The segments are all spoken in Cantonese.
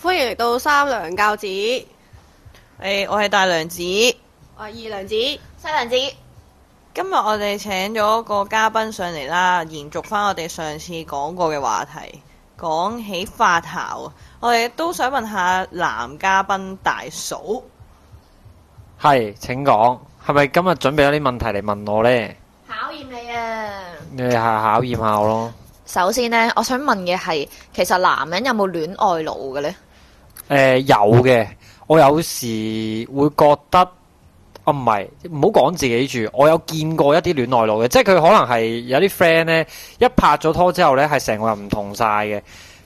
歡迎嚟到三娘教子。誒、欸，我係大娘子。我係二娘子。細娘子。今日我哋請咗個嘉賓上嚟啦，延續翻我哋上次講過嘅話題。講起發姣，我哋都想問下男嘉賓大嫂。係，請講。係咪今日準備咗啲問題嚟問我呢？」「考驗你啊！你係考驗下我咯。首先呢，我想問嘅係，其實男人有冇戀愛腦嘅呢？誒、呃、有嘅，我有時會覺得，啊唔係，唔好講自己住，我有見過一啲戀愛腦嘅，即係佢可能係有啲 friend 呢，一拍咗拖之後呢，係成個人唔同晒嘅，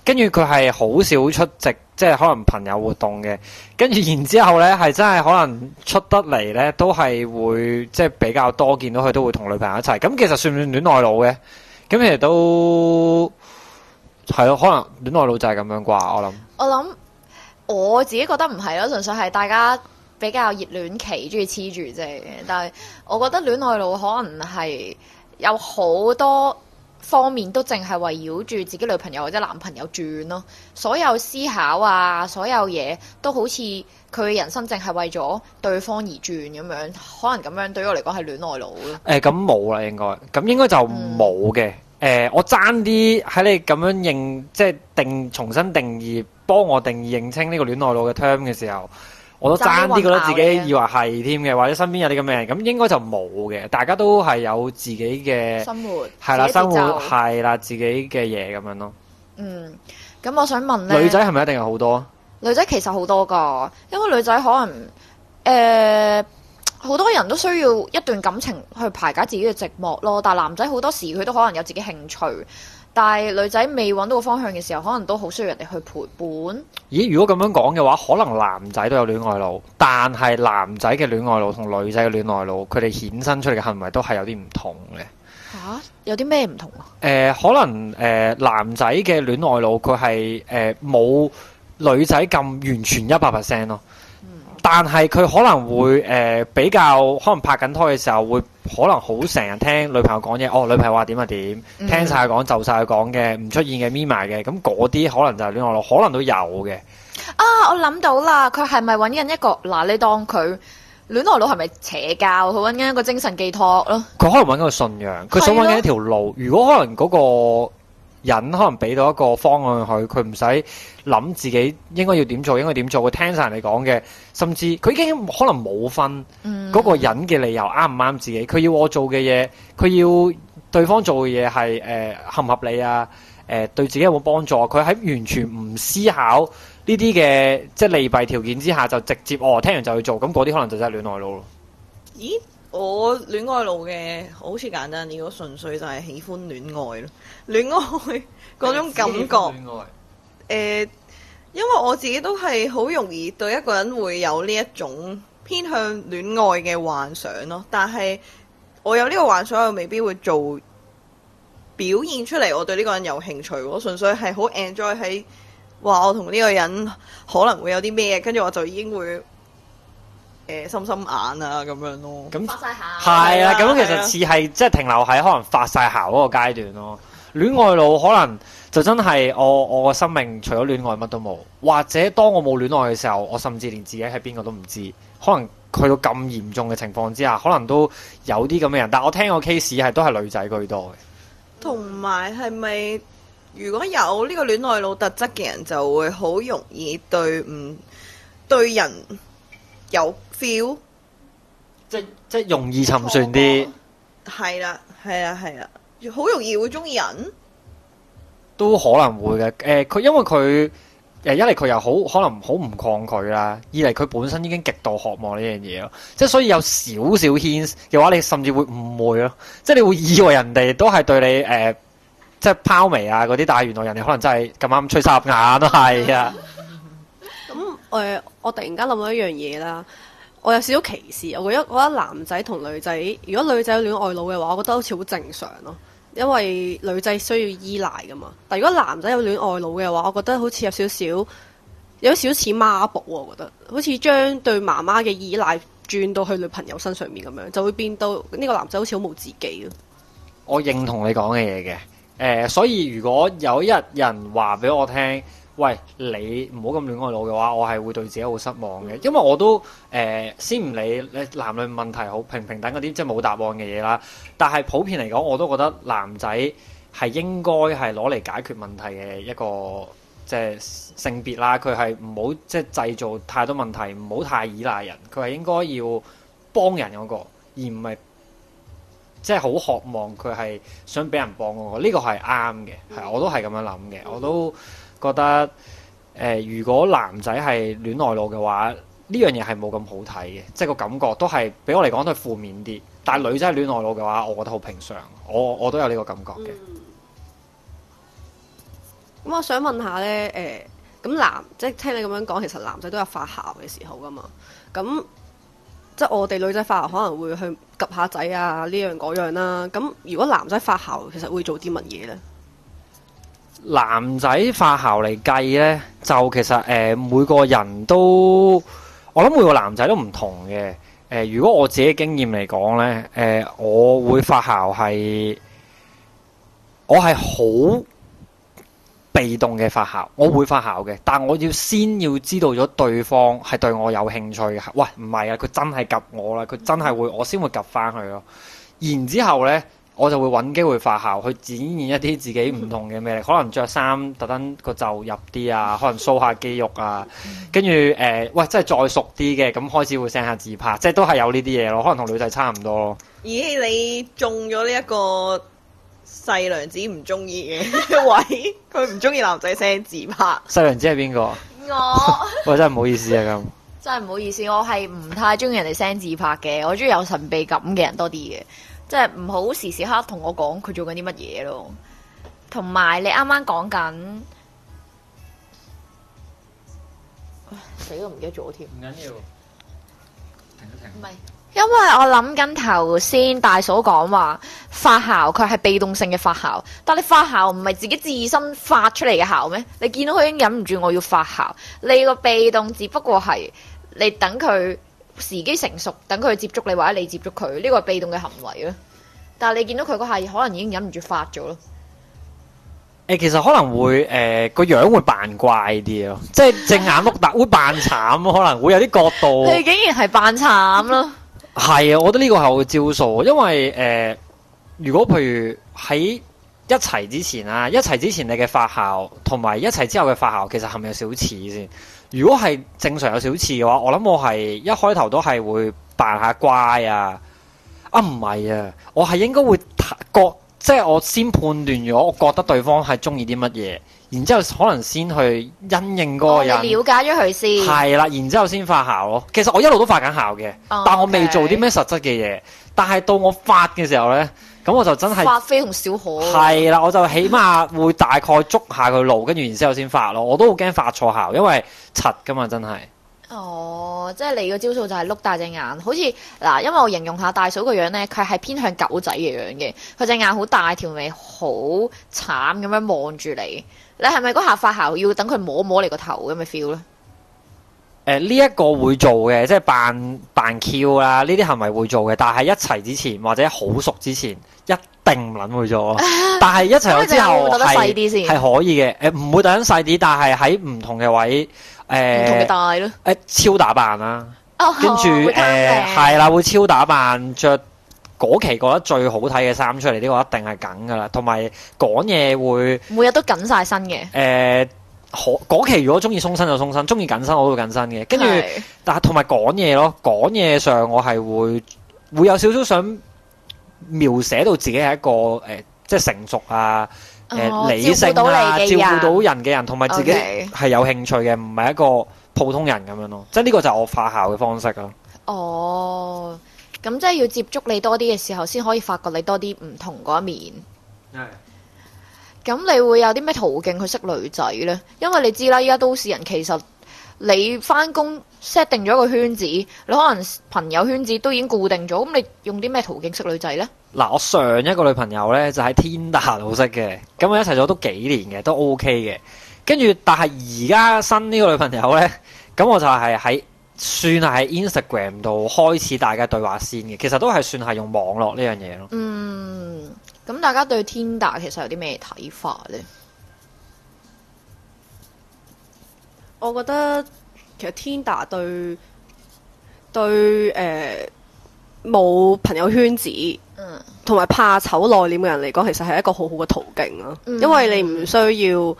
跟住佢係好少出席，即係可能朋友活動嘅，跟住然之後呢，係真係可能出得嚟呢，都係會即係比較多見到佢都會同女朋友一齊，咁其實算唔算戀愛腦嘅？咁其實都係咯，可能戀愛腦就係咁樣啩，我諗。我諗。我自己覺得唔係咯，純粹係大家比較熱戀期中意黐住啫。但係我覺得戀愛腦可能係有好多方面都淨係圍繞住自己女朋友或者男朋友轉咯。所有思考啊，所有嘢都好似佢嘅人生淨係為咗對方而轉咁樣。可能咁樣對於我嚟講係戀愛腦咯。誒、欸，咁冇啦，應該咁應該就冇嘅。嗯。誒、欸，我爭啲喺你咁樣認，即係定重新定義幫我定義認清呢個戀愛腦嘅 term 嘅時候，我都爭啲覺得自己以為係添嘅，或者身邊有啲咁嘅人，咁應該就冇嘅，大家都係有自己嘅生活，係啦、啊，生活係啦、啊，自己嘅嘢咁樣咯。嗯，咁我想問咧，女仔係咪一定有好多？女仔其實好多㗎，因為女仔可能誒。呃好多人都需要一段感情去排解自己嘅寂寞咯，但係男仔好多時佢都可能有自己興趣，但係女仔未揾到個方向嘅時候，可能都好需要人哋去陪伴。咦？如果咁樣講嘅話，可能男仔都有戀愛腦，但係男仔嘅戀愛腦同女仔嘅戀愛腦，佢哋衍生出嚟嘅行為都係有啲唔同嘅。嚇、啊，有啲咩唔同啊？誒、呃，可能誒、呃、男仔嘅戀愛腦佢係誒冇女仔咁完全一百 percent 咯。但係佢可能會誒、呃、比較，可能拍緊拖嘅時候會可能好成日聽女朋友講嘢，哦女朋友話點就點，聽曬講就曬講嘅，唔出現嘅咪埋嘅，咁嗰啲可能就係戀愛腦，可能都有嘅。啊，我諗到啦，佢係咪揾緊一個？嗱，你當佢戀愛腦係咪邪教？佢揾緊一個精神寄託咯。佢可能揾緊一個信仰，佢想揾緊一條路。的如果可能嗰、那個，人可能俾到一個方案佢，佢唔使諗自己應該要點做，應該點做，佢聽晒人哋講嘅，甚至佢已經可能冇分嗰個人嘅理由啱唔啱自己，佢要我做嘅嘢，佢要對方做嘅嘢係誒合唔合理啊？誒、呃、對自己有冇幫助啊？佢喺完全唔思考呢啲嘅即係利弊條件之下，就直接哦聽完就去做，咁嗰啲可能就真係戀愛腦咯。咦我戀愛腦嘅好似簡單，如果純粹就係喜歡戀愛咯，戀愛嗰種感覺。誒、呃，因為我自己都係好容易對一個人會有呢一種偏向戀愛嘅幻想咯，但係我有呢個幻想我未必會做表現出嚟，我對呢個人有興趣。我純粹係好 enjoy 喺話我同呢個人可能會有啲咩，跟住我就已經會。誒，心心、欸、眼啊，咁樣咯，那發晒姣，係啊，咁、啊、其實似係、啊、即係停留喺可能發晒姣嗰個階段咯。戀愛腦可能就真係我我個生命除咗戀愛乜都冇，或者當我冇戀愛嘅時候，我甚至連自己係邊個都唔知。可能去到咁嚴重嘅情況之下，可能都有啲咁嘅人，但我聽過個 case 係都係女仔居多嘅。同埋係咪如果有呢個戀愛腦特質嘅人，就會好容易對唔對人有？feel 即即容易沉船啲，係啦，係啦，係啦，好容易會中意人，都可能會嘅。誒、呃，佢因為佢誒，一嚟佢又好可能好唔抗拒啦，二嚟佢本身已經極度渴望呢樣嘢咯。即所以有少少牽嘅話，你甚至會誤會咯。即你會以為人哋都係對你誒、呃，即拋眉啊嗰啲，但係原來人哋可能真係咁啱吹沙眼都係啊。咁誒，我突然間諗到一樣嘢啦。我有少少歧視，我覺得我覺得男仔同女仔，如果女仔有戀愛腦嘅話，我覺得好似好正常咯、啊，因為女仔需要依賴噶嘛。但如果男仔有戀愛腦嘅話，我覺得好似有少少有少少似媽寶、啊，我覺得好似將對媽媽嘅依賴轉到去女朋友身上面咁樣，就會變到呢個男仔好似好冇自己、啊、我認同你講嘅嘢嘅，誒，所以如果有一日人話俾我聽。喂，你唔好咁亂愛老嘅話，我係會對自己好失望嘅。因為我都誒、呃，先唔理你男女問題好平平等嗰啲，即係冇答案嘅嘢啦。但係普遍嚟講，我都覺得男仔係應該係攞嚟解決問題嘅一個，即係性別啦。佢係唔好即係製造太多問題，唔好太依賴人。佢係應該要幫人嗰、嗰個，而唔係即係好渴望佢係想俾人幫我、嗰個。呢、呢個係啱嘅，係、嗯、我都係咁樣諗嘅，我都。覺得誒、呃，如果男仔係戀愛腦嘅話，呢樣嘢係冇咁好睇嘅，即係個感覺都係俾我嚟講都係負面啲。但係女仔係戀愛腦嘅話，我覺得好平常，我我都有呢個感覺嘅。咁、嗯、我想問下呢，誒、呃，咁男即係聽你咁樣講，其實男仔都有發姣嘅時候㗎嘛？咁即係我哋女仔發姣可能會去及下仔啊，呢樣嗰樣啦。咁如果男仔發姣，其實會做啲乜嘢呢？男仔發姣嚟計呢，就其實誒、呃、每個人都，我諗每個男仔都唔同嘅。誒、呃，如果我自己經驗嚟講呢，誒、呃，我會發姣係，我係好被動嘅發姣，我會發姣嘅，但我要先要知道咗對方係對我有興趣嘅。喂，唔係啊，佢真係及我啦，佢真係會，我先會及返去咯。然之後呢。我就會揾機會發姣，去展現一啲自己唔同嘅魅力。可能着衫特登個袖入啲啊，可能梳下肌肉啊，跟住誒，喂，真係再熟啲嘅，咁開始會 send 下自拍，即係都係有呢啲嘢咯。可能同女仔差唔多咯。咦？你中咗呢一個細娘子唔中意嘅位，佢唔中意男仔 send 自拍。細娘子係邊個？我 喂，真係唔好意思啊，咁真係唔好意思，我係唔太中意人哋 send 自拍嘅，我中意有神秘感嘅人多啲嘅。即係唔好時時刻刻同我講佢做緊啲乜嘢咯，同埋你啱啱講緊，死都唔記得咗添。唔緊要，停一停。唔係，因為我諗緊頭先大嫂講話發姣，佢係被動性嘅發姣，但你發姣唔係自己自身發出嚟嘅姣咩？你見到佢已經忍唔住我要發姣，你個被動只不過係你等佢。時機成熟，等佢去接觸你，或者你接觸佢，呢個係被動嘅行為咯。但係你見到佢下係可能已經忍唔住發咗咯。誒、欸，其實可能會誒個、呃、樣會扮怪啲咯，即係隻眼碌大 會扮慘咯，可能會有啲角度。你 竟然係扮慘咯？係 啊，我覺得呢個係我招數，因為誒、呃，如果譬如喺一齊之前啊，一齊之前你嘅發姣同埋一齊之後嘅發姣，其實係咪有少似先？如果係正常有小事嘅話，我諗我係一開頭都係會扮下乖啊！啊唔係啊，我係應該會覺，即係我先判斷咗，我覺得對方係中意啲乜嘢，然之後可能先去因應嗰個人，哦、了解咗佢先。係啦，然之後先發姣咯。其實我一路都發緊姣嘅，Okay. 但我未做啲咩實質嘅嘢。但係到我發嘅時候呢。咁我就真係發飛同小可係、啊、啦，我就起碼會大概捉下佢路，跟住然之後先發咯。我都好驚發錯姣，因為柒㗎嘛，真係。哦，即係你個招數就係碌大隻眼，好似嗱，因為我形容下大嫂個樣咧，佢係偏向狗仔嘅樣嘅，佢隻眼好大，條尾好慘咁樣望住你。你係咪嗰下發姣要等佢摸摸你個頭咁嘅 feel 咧？有誒，呢一、啊這個會做嘅，即係扮扮 Q 啦，呢啲行為會做嘅，但係一齊之前或者好熟之前，一定唔撚會做，但係一齊之後覺得細啲先。係、啊、可以嘅，誒、啊、唔會等細啲，但係喺唔同嘅位，誒、啊、唔同嘅大咯，誒、啊、超打扮啦、啊，跟住誒係啦，會超打扮，着嗰期覺得最好睇嘅衫出嚟，呢、這個一定係緊噶啦。同埋講嘢會，每日都緊晒身嘅，誒、啊。啊啊啊嗰期如果中意鬆身就鬆身，中意緊身我都會緊身嘅。跟住，但係同埋講嘢咯，講嘢上我係會會有少少想描寫到自己係一個誒、呃，即係成熟啊，誒、呃、理性到啊，哦、照顧到你嘅人，照顧到人嘅人，同埋自己係有興趣嘅，唔係一個普通人咁樣咯。即係呢個就係我化校嘅方式咯。哦，咁即係要接觸你多啲嘅時候，先可以發覺你多啲唔同嗰一面。係。咁你會有啲咩途徑去識女仔呢？因為你知啦，依家都市人其實你翻工 set 定咗個圈子，你可能朋友圈子都已經固定咗，咁你用啲咩途徑識女仔呢？嗱，我上一個女朋友呢，就喺 Tinder 度識嘅，咁我一齊咗都幾年嘅，都 OK 嘅。跟住，但係而家新呢個女朋友呢，咁我就係喺算係喺 Instagram 度開始大家對話先嘅，其實都係算係用網絡呢樣嘢咯。嗯。咁大家對 Tinder 其實有啲咩睇法呢？我覺得其實 Tinder 對對誒冇、呃、朋友圈子，同埋怕醜內斂嘅人嚟講，其實係一個好好嘅途徑咯、嗯呃。因為你唔需要誒，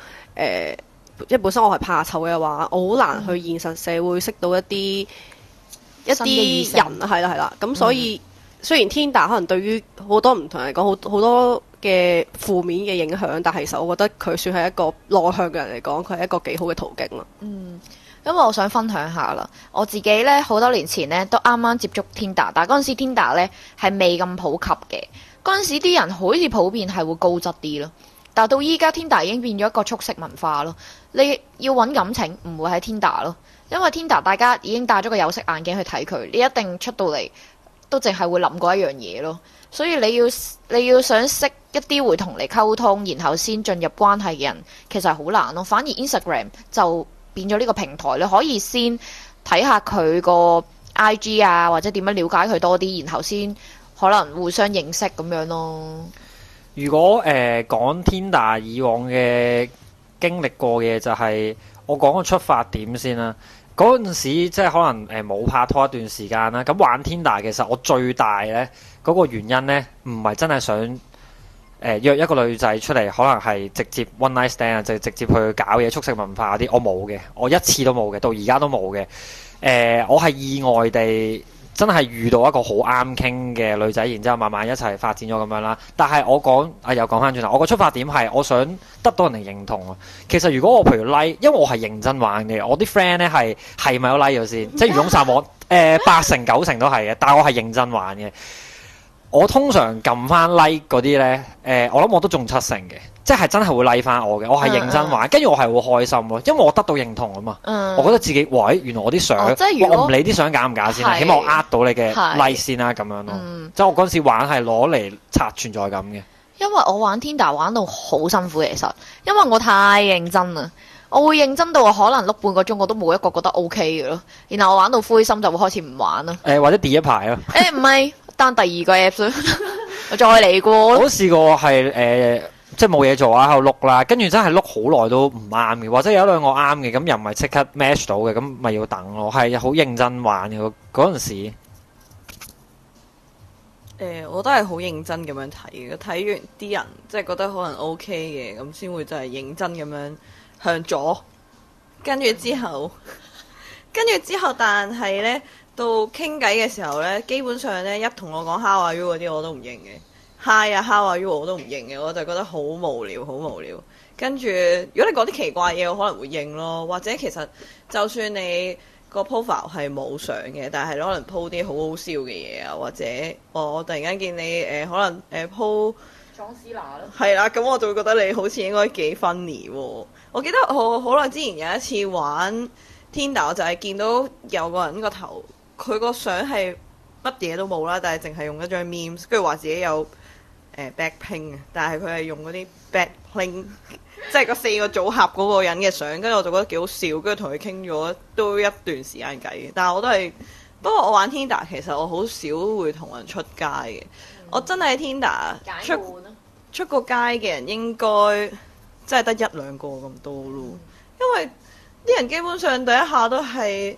即本身我係怕醜嘅話，我好難去現實社會識到一啲、嗯、一啲人，係啦係啦，咁所以。嗯雖然 Tinder 可能對於好多唔同人嚟講，好好多嘅負面嘅影響，但係其實我覺得佢算係一個內向嘅人嚟講，佢係一個幾好嘅途徑咯。嗯，因為我想分享下啦，我自己呢好多年前呢都啱啱接觸 Tinder，但係嗰陣時 Tinder 係未咁普及嘅，嗰陣時啲人好似普遍係會高質啲咯。但係到依家 Tinder 已經變咗一個速食文化咯，你要揾感情唔會喺 Tinder 咯，因為 Tinder 大家已經戴咗個有色眼鏡去睇佢，你一定出到嚟。都淨係會諗過一樣嘢咯，所以你要你要想識一啲會同你溝通，然後先進入關係嘅人，其實好難咯。反而 Instagram 就變咗呢個平台，你可以先睇下佢個 IG 啊，或者點樣了解佢多啲，然後先可能互相認識咁樣咯。如果誒講 Tinder 以往嘅經歷過嘅、就是，就係我講個出發點先啦。嗰陣時即係可能誒冇、呃、拍拖一段時間啦，咁玩 Tinder 其實我最大咧嗰、那個原因咧，唔係真係想誒、呃、約一個女仔出嚟，可能係直接 one night stand 啊，就直接去搞嘢速食文化嗰啲，我冇嘅，我一次都冇嘅，到而家都冇嘅。誒、呃，我係意外地，真係遇到一個好啱傾嘅女仔，然之後慢慢一齊發展咗咁樣啦。但係我講啊、哎，又講翻轉頭，我個出發點係我想得到人哋認同啊。其實如果我譬如 like，因為我係認真玩嘅，我啲 friend 咧係係咪有 like 咗先？即係擁殺我誒，呃、八成九成都係嘅。但係我係認真玩嘅，我通常撳翻 like 嗰啲咧誒，我諗我都中七成嘅。即係真係會拉、like、翻我嘅，我係認真玩，跟住、嗯、我係會開心咯，因為我得到認同啊嘛。嗯、我覺得自己，喂，原來我啲相、啊，即係我唔理啲相假唔假先，是 起碼我呃到你嘅例、like、是 先啦咁樣咯。嗯、即係我嗰時玩係攞嚟刷存在感嘅。因為我玩 Tinder 玩到好辛苦，其實因為我太認真啦，我會認真到我可能碌半個鐘，我都冇一個覺得 O K 嘅咯。然後我玩到灰心，就會開始唔玩啦。誒、欸，或者第一排咯、欸。誒，唔係但第二個 app 我 再嚟過。我試過係誒。呃即係冇嘢做啊，喺度碌啦，跟住真係碌好耐都唔啱嘅，或者有一兩個啱嘅，咁又唔係即刻 match 到嘅，咁咪要等咯。係好認真玩嘅嗰嗰陣時。誒、呃，我都係好認真咁樣睇嘅，睇完啲人即係覺得可能 OK 嘅，咁先會就係認真咁樣向左。跟住之後，跟 住之後，但係呢，到傾偈嘅時候呢，基本上呢，一同我講 how are you 嗰啲，我都唔認嘅。Hi 啊，hi 啊 you 我都唔應嘅，我就覺得好無聊，好無聊。跟住如果你講啲奇怪嘢，我可能會應咯。或者其實就算你個 profile 係冇相嘅，但係可能 po 啲好好笑嘅嘢啊，或者我突然間見你誒、呃、可能誒 po 裝死乸咯，係、呃、啦，咁我就會覺得你好似應該幾 funny 喎。我記得我好耐之前有一次玩 Tinder，就係見到有個人個頭佢個相係乜嘢都冇啦，但係淨係用一張面，跟住話自己有。誒 BLACKPINK 嘅，pink，但係佢係用嗰啲 BLACKPINK，即係嗰四個組合嗰個人嘅相，跟住 我就覺得幾好笑，跟住同佢傾咗都一段時間偈。但係我都係，不過我玩 Tinder 其實我好少會同人出街嘅。嗯、我真係 Tinder 解冠 出出過街嘅人應該真係得一兩個咁多咯，因為啲人基本上第一下都係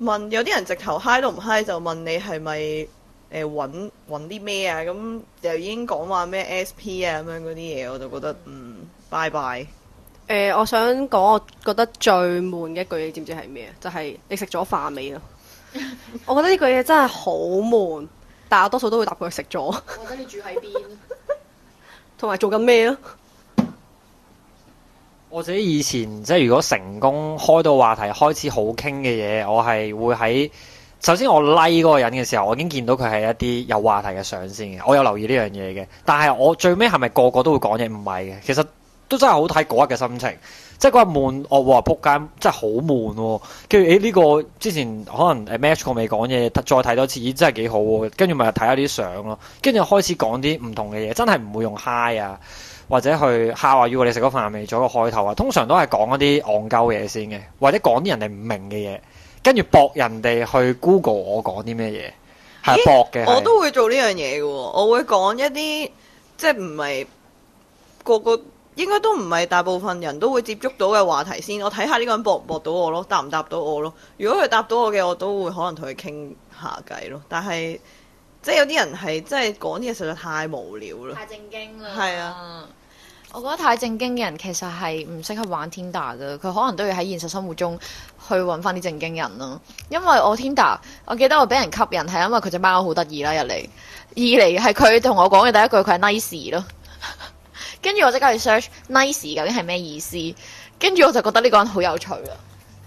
問，有啲人直頭嗨都唔嗨，就問你係咪。誒揾啲咩啊？咁又已經講話咩 SP 啊咁樣嗰啲嘢，我就覺得嗯，拜拜。呃、我想講，我覺得最悶嘅一句，你知唔知係咩？就係、是、你食咗飯未啊？ 我覺得呢句嘢真係好悶，但係多數都會答佢食咗。我覺得你住喺邊，同埋做緊咩啊？我自己以前即係如果成功開到話題，開始好傾嘅嘢，我係會喺。首先我 like 嗰個人嘅時候，我已經見到佢係一啲有話題嘅相先嘅，我有留意呢樣嘢嘅。但係我最尾係咪個個都會講嘢？唔係嘅，其實都真係好睇嗰日嘅心情。即係嗰日悶，我話，撲街，真係好悶喎、哦。跟住誒呢個之前可能誒 match 過未講嘢，再睇多次，咦、欸、真係幾好喎。跟住咪睇下啲相咯，跟住開始講啲唔同嘅嘢，真係唔會用 hi 啊或者去嚇話、啊、要你食咗飯未，做一個開頭啊。通常都係講一啲戇鳩嘢先嘅，或者講啲人哋唔明嘅嘢。跟住博人哋去 Google 我講啲咩嘢，係博嘅。我都會做呢樣嘢嘅，我會講一啲即係唔係個個應該都唔係大部分人都會接觸到嘅話題先。我睇下呢個人博唔博到我咯，答唔答到我咯。如果佢答到我嘅，我都會可能同佢傾下偈咯。但係即係有啲人係即係講啲嘢實在太無聊啦，太正經啦，係啊。我覺得太正經嘅人其實係唔適合玩 Tinder 嘅，佢可能都要喺現實生活中去揾翻啲正經人咯。因為我 Tinder，我記得我俾人吸引係因為佢隻貓好得意啦，一嚟；二嚟係佢同我講嘅第一句佢係 nice 咯。跟住 我即刻去 search nice 究竟係咩意思，跟住我就覺得呢個人好有趣啊。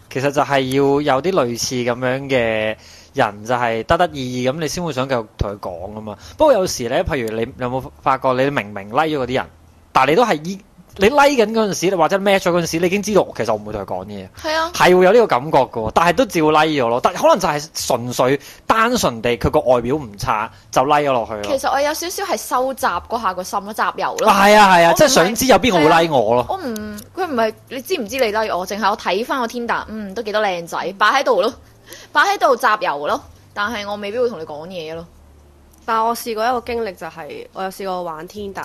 其實就係要有啲類似咁樣嘅人，就係、係、得得意意咁，你先會想繼續同佢講啊嘛。不過有時呢，譬如你，你有冇發覺你明明，明 like 咗嗰啲人？但你都係依你 like 緊嗰陣時，或者 match 咗嗰陣時，你已經知道其實我唔會同佢講嘢，係是啊，係會有呢個感覺嘅，但係都照 like 咗咯。但可能就係純粹單純地佢個外表唔差就 like 咗落去。其實我有少少係收集嗰下個心咯，集郵咯。係啊，係啊，啊啊啊即係想知有邊個 like 我咯。啊、我唔佢，唔係你知唔知你 like、like、我，淨係我睇翻個 Tinder 嗯，都幾多靚仔擺喺度咯，擺喺度集郵咯。但係我未必會同你講嘢咯。但我試過一個經歷就係、是、我有試過玩 Tinder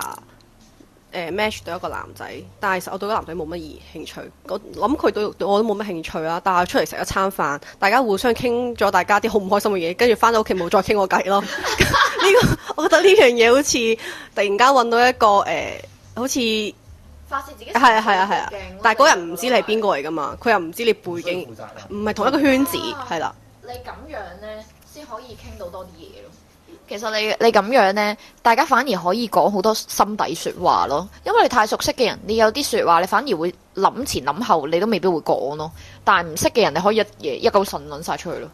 誒 match 到一個男仔，但係實我對嗰男仔冇乜熱興趣，我諗佢對我都冇乜興趣啦。但係出嚟食一餐飯，大家互相傾咗大家啲好唔開心嘅嘢，跟住翻到屋企冇再傾過偈咯。呢個我覺得呢樣嘢好似突然間揾到一個誒，好似發泄自己係啊係啊係啊，但係嗰人唔知你係邊個嚟㗎嘛，佢又唔知你背景，唔係同一個圈子係啦。你咁樣呢，先可以傾到多啲嘢咯。其實你你咁樣呢，大家反而可以講好多心底說話咯。因為你太熟悉嘅人，你有啲說話，你反而會諗前諗後，你都未必會講咯。但係唔識嘅人，你可以一夜一勾唇論，曬出去咯。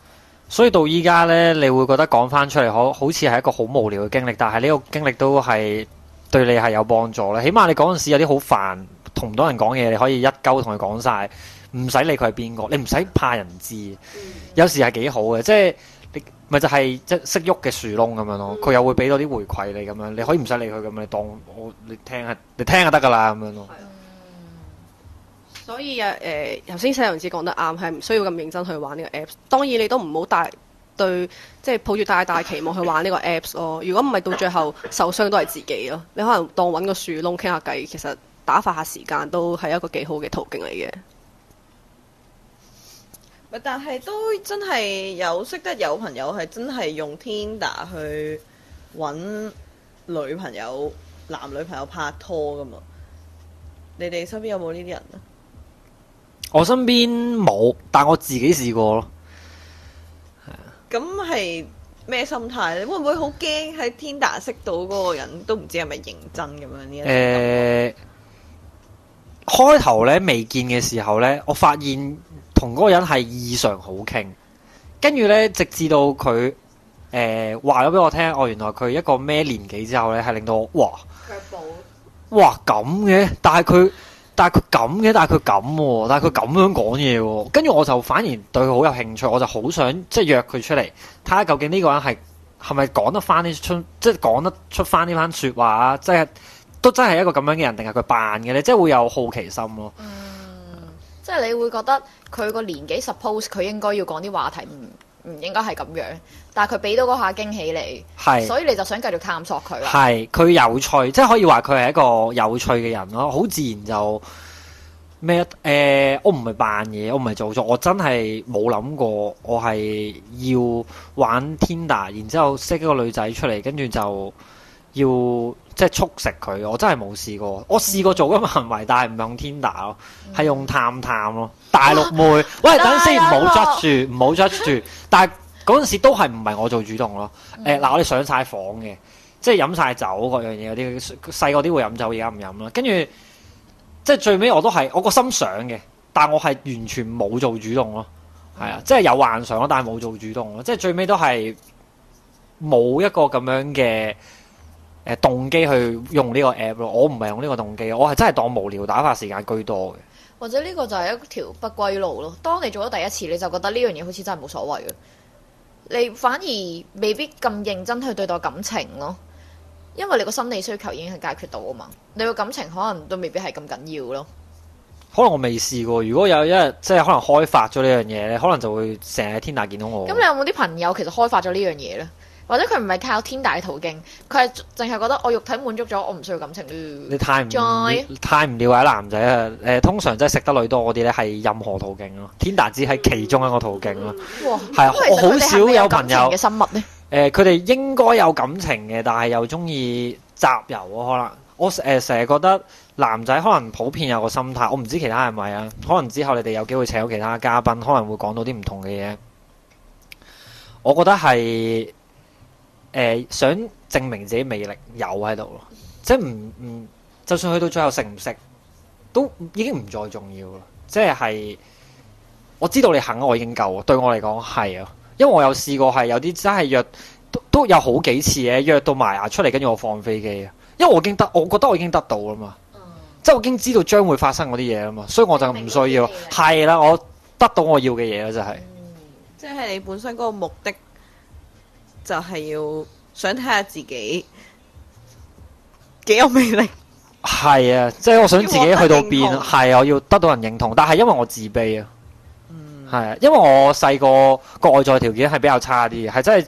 所以到依家呢，你會覺得講翻出嚟，好好似係一個好無聊嘅經歷。但係呢個經歷都係對你係有幫助咧。起碼你嗰陣時有啲好煩，同唔多人講嘢，你可以一鳩同佢講晒，唔使理佢係邊個，你唔使怕人知。嗯、有時係幾好嘅，即係。咪就係即識喐嘅樹窿咁樣咯，佢、嗯、又會俾到啲回饋你咁樣，你可以唔使理佢咁，你當我你聽下，你聽下得噶啦咁樣咯、嗯。所以啊，誒頭先細娘子講得啱，係唔需要咁認真去玩呢個 Apps。當然你都唔好大對，即、就、係、是、抱住大大期望去玩呢個 Apps 咯、哦。 如果唔係到最後受傷都係自己咯。你可能當揾個樹窿傾下偈，其實打發下時間都係一個幾好嘅途徑嚟嘅。但係都真係有識得有朋友係真係用 Tinder 去揾女朋友男女朋友拍拖噶嘛？你哋身邊有冇呢啲人啊？我身邊冇，但我自己試過咯。係啊、嗯。咁係咩心態咧？你會唔會好驚喺 Tinder 識到嗰個人都唔知係咪認真咁樣呢一啲？誒、呃，開頭咧未見嘅時候呢，我發現。同嗰個人係異常好傾，跟住呢，直至到佢誒話咗俾我聽，哦，原來佢一個咩年紀之後呢，係令到我哇，哇咁嘅，但係佢但係佢咁嘅，但係佢咁喎，但係佢咁樣講嘢喎，跟住、哦、我就反而對佢好有興趣，我就好想即係約佢出嚟睇下究竟呢個人係係咪講得翻呢出，即係講得出翻呢番説話，即係都真係一個咁樣嘅人定係佢扮嘅咧，即係會有好奇心咯、哦。即係你會覺得佢個年紀，suppose 佢應該要講啲話題，唔唔應該係咁樣，但係佢俾到嗰下驚喜你，係所以你就想繼續探索佢啦。係佢有趣，即係可以話佢係一個有趣嘅人咯。好自然就咩？誒、呃，我唔係扮嘢，我唔係做作，我真係冇諗過，我係要玩 Tinder，然之後識一個女仔出嚟，跟住就。要即係速食佢，我真係冇試過。我試過做咁嘅行為，但係唔用 Tinder 咯，係用探探咯。大陸妹，哇喂，等先，唔好擳住，唔好擩住。但係嗰陣時都係唔係我做主動咯。誒嗱、嗯欸呃，我哋上晒房嘅，即係飲晒酒嗰樣嘢嗰啲，細個啲會飲酒，而家唔飲啦。跟住即係最尾我都係我個心想嘅，但我係完全冇做主動咯。係、嗯、啊，即係有幻想咯，但係冇做主動咯。即係最尾都係冇一個咁樣嘅。誒動機去用呢個 app 咯，我唔係用呢個動機，我係真係當無聊打發時間居多嘅。或者呢個就係一條不歸路咯。當你做咗第一次，你就覺得呢樣嘢好似真係冇所謂嘅，你反而未必咁認真去對待感情咯。因為你個心理需求已經係解決到啊嘛，你個感情可能都未必係咁緊要咯。可能我未試過，如果有一日即係可能開發咗呢樣嘢，你可能就會成日喺天大見到我。咁、嗯、你有冇啲朋友其實開發咗呢樣嘢呢？或者佢唔係靠 Tinder 嘅途徑，佢係淨係覺得我肉體滿足咗，我唔需要感情。你太唔 Joy? 太唔了解男仔啊！誒、呃，通常即係食得女多嗰啲咧，係任何途徑咯。Tinder 只係其中一個途徑咯、嗯。哇！啊是，其我好少有朋友嘅生物咧。誒，佢哋應該有感情嘅、呃，但係又中意雜糅啊！可能我誒成日覺得男仔可能普遍有個心態，我唔知其他係咪啊？可能之後你哋有機會請到其他嘉賓，可能會講到啲唔同嘅嘢。我覺得係。呃、想證明自己魅力有喺度咯，即係唔唔，就算去到最後食唔食都已經唔再重要咯。即係我知道你肯，我已經夠。對我嚟講係啊，因為我有試過係有啲真係約都，都有好幾次嘅約到埋牙出嚟，跟住我放飛機啊。因為我已經得，我覺得我已經得到啦嘛，即係、嗯、我已經知道將會發生嗰啲嘢啦嘛，所以我就唔需要。係啦、嗯，我得到我要嘅嘢啦，就係、是嗯。即係你本身嗰個目的。就係要想睇下自己幾有魅力，係啊！即係我想自己去到變，係我，我要得到人認同，但係因為我自卑啊，係、嗯、因為我細個個外在條件係比較差啲嘅，係真係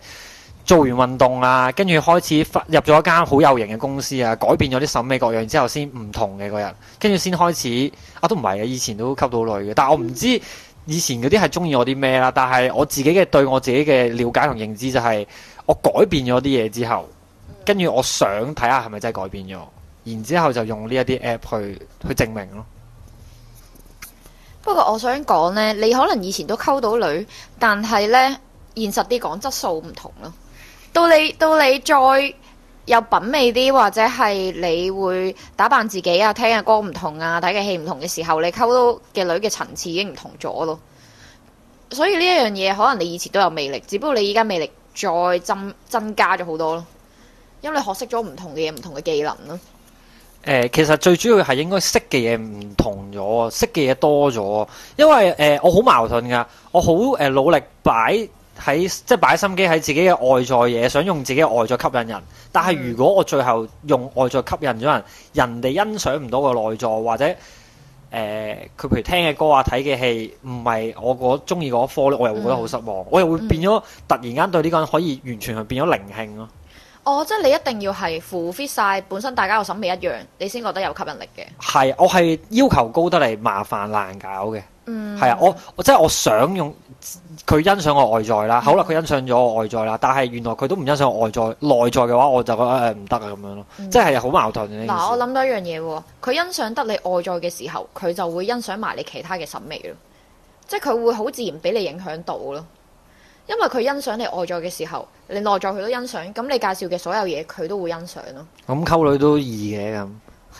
做完運動啊，跟住開始入咗間好有型嘅公司啊，改變咗啲審美各樣之後先唔同嘅嗰人，跟住先開始啊都唔係啊，以前都吸到女嘅，但係我唔知、嗯。以前嗰啲係中意我啲咩啦，但係我自己嘅對我自己嘅了解同認知就係、是、我改變咗啲嘢之後，跟住我想睇下係咪真係改變咗，然之後就用呢一啲 app 去去證明咯。嗯嗯、 不過我想講呢，你可能以前都溝到女，但係呢，現實啲講質素唔同咯。到你到你再。有品味啲，或者係你會打扮自己啊，聽嘅歌唔同啊，睇嘅戲唔同嘅時候，你溝到嘅女嘅層次已經唔同咗咯。所以呢一樣嘢，可能你以前都有魅力，只不過你依家魅力再增增加咗好多咯。因為你學識咗唔同嘅嘢，唔同嘅技能咯。誒，其實最主要係應該識嘅嘢唔同咗，識嘅嘢多咗。因為誒、呃，我好矛盾噶，我好誒努力擺。喺即係擺心機喺自己嘅外在嘢，想用自己嘅外在吸引人。但係如果我最後用外在吸引咗人，人哋欣賞唔到個內在，或者誒佢、呃、譬如聽嘅歌啊、睇嘅戲唔係我個中意嗰科咧，我又會覺得好失望。嗯、我又會變咗、嗯、突然間對呢個人可以完全係變咗零慶咯。哦，即係你一定要係 full fit 晒，本身大家嘅審美一樣，你先覺得有吸引力嘅。係，我係要求高得嚟，麻煩難搞嘅。嗯，係啊，我我即係我想用。佢欣賞我外在啦，好啦，佢欣賞咗我外在啦，但係原來佢都唔欣賞我外在，內在嘅話我就覺得誒唔得啊，咁樣咯，即係好矛盾嗱。嗯，我諗到一樣嘢喎，佢欣賞得你外在嘅時候，佢就會欣賞埋你其他嘅審美咯，即係佢會好自然俾你影響到咯，因為佢欣賞你外在嘅時候，你內在佢都欣賞，咁你介紹嘅所有嘢佢都會欣賞咯。咁溝女都易嘅咁。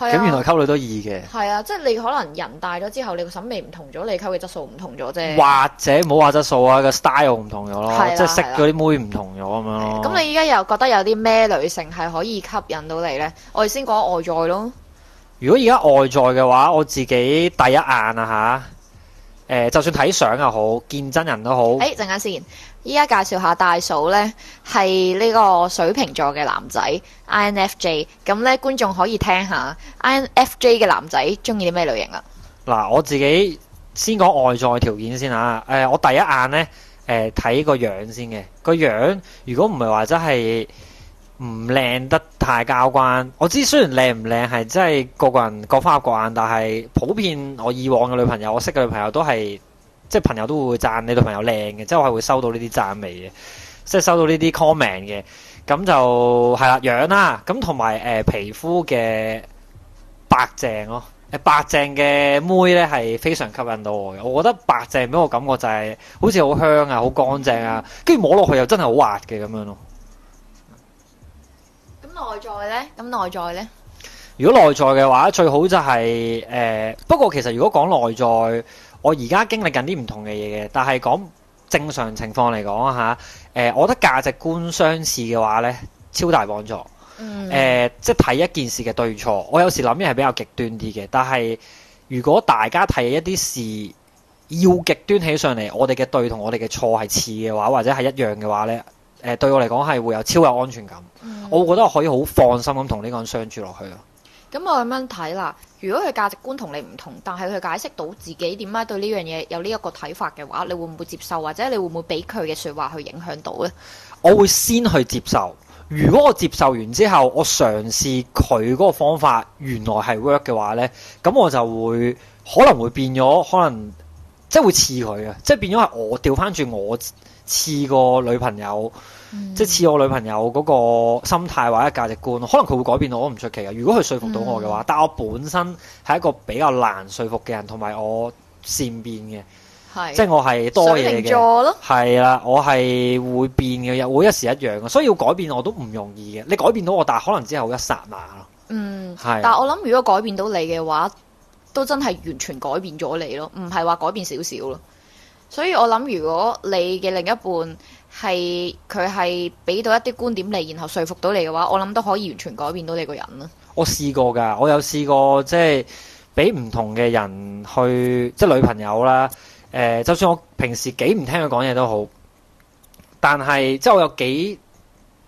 咁原來溝女都易嘅，係啊，即係你可能人大咗之後，你個審美唔同咗，你溝嘅質素唔同咗啫。或者冇話質素啊，個 style 唔同咗咯，啊、即係識嗰啲妹唔同咗咁樣咯。咁、啊啊、你而家又覺得有啲咩女性係可以吸引到你呢？我哋先講外在咯。如果而家外在嘅話，我自己第一眼啊嚇。誒、呃，就算睇相又好，見真人都好。誒、欸，陣間先，依家介紹下大嫂呢，係呢個水瓶座嘅男仔，INFJ。咁呢，觀眾可以聽下，INFJ 嘅男仔中意啲咩類型啊？嗱，我自己先講外在條件先嚇、啊。誒、呃，我第一眼呢，誒、呃、睇個樣先嘅。個樣如果唔係話真係唔靚得太交關，我知雖然靚唔靚係真係各個人各花各眼，但係普遍我以往嘅女朋友，我識嘅女朋友都係即係朋友都會讚你女朋友靚嘅，即係我係會收到呢啲讚美嘅，即係收到呢啲 comment 嘅，咁就係啦，樣啦、啊，咁同埋誒皮膚嘅白淨咯、啊，誒白淨嘅妹呢係非常吸引到我嘅，我覺得白淨俾我感覺就係、是、好似好香啊，好乾淨啊，跟住摸落去又真係好滑嘅咁樣咯、啊。內在咧，咁內在咧？如果內在嘅話，最好就係、是、誒、呃，不過其實如果講內在，我而家經歷緊啲唔同嘅嘢嘅，但係講正常情況嚟講吓，誒、呃，我覺得價值觀相似嘅話呢，超大幫助。誒、嗯呃，即係睇一件事嘅對錯，我有時諗嘢係比較極端啲嘅，但係如果大家睇一啲事要極端起上嚟，我哋嘅對同我哋嘅錯係似嘅話，或者係一樣嘅話呢。誒對我嚟講係會有超有安全感，嗯、我會覺得可以好放心咁同呢個人相處落去咯。咁、嗯、我咁樣睇啦，如果佢價值觀同你唔同，但係佢解釋到自己點解對呢樣嘢有呢一個睇法嘅話，你會唔會接受？或者你會唔會俾佢嘅説話去影響到呢？我會先去接受。如果我接受完之後，我嘗試佢嗰個方法原來係 work 嘅話呢，咁我就會可能會變咗，可能即係會似佢嘅，即係變咗係我調翻轉我。似個女朋友，嗯、即係似我女朋友嗰個心態或者價值觀，可能佢會改變到我，都唔出奇嘅。如果佢說服到我嘅話，嗯、但係我本身係一個比較難說服嘅人，同埋我善變嘅，是即係我係多嘢嘅。係啊，我係會變嘅，又會一時一樣嘅，所以要改變我都唔容易嘅。你改變到我，但係可能只係一剎那咯。嗯，是但係我諗，如果改變到你嘅話，都真係完全改變咗你咯，唔係話改變少少咯。所以我諗，如果你嘅另一半係佢係俾到一啲觀點你，然後說服到你嘅話，我諗都可以完全改變到你個人咯。我試過噶，我有試過即係俾唔同嘅人去，即係女朋友啦。誒、呃，就算我平時幾唔聽佢講嘢都好，但係即係我有幾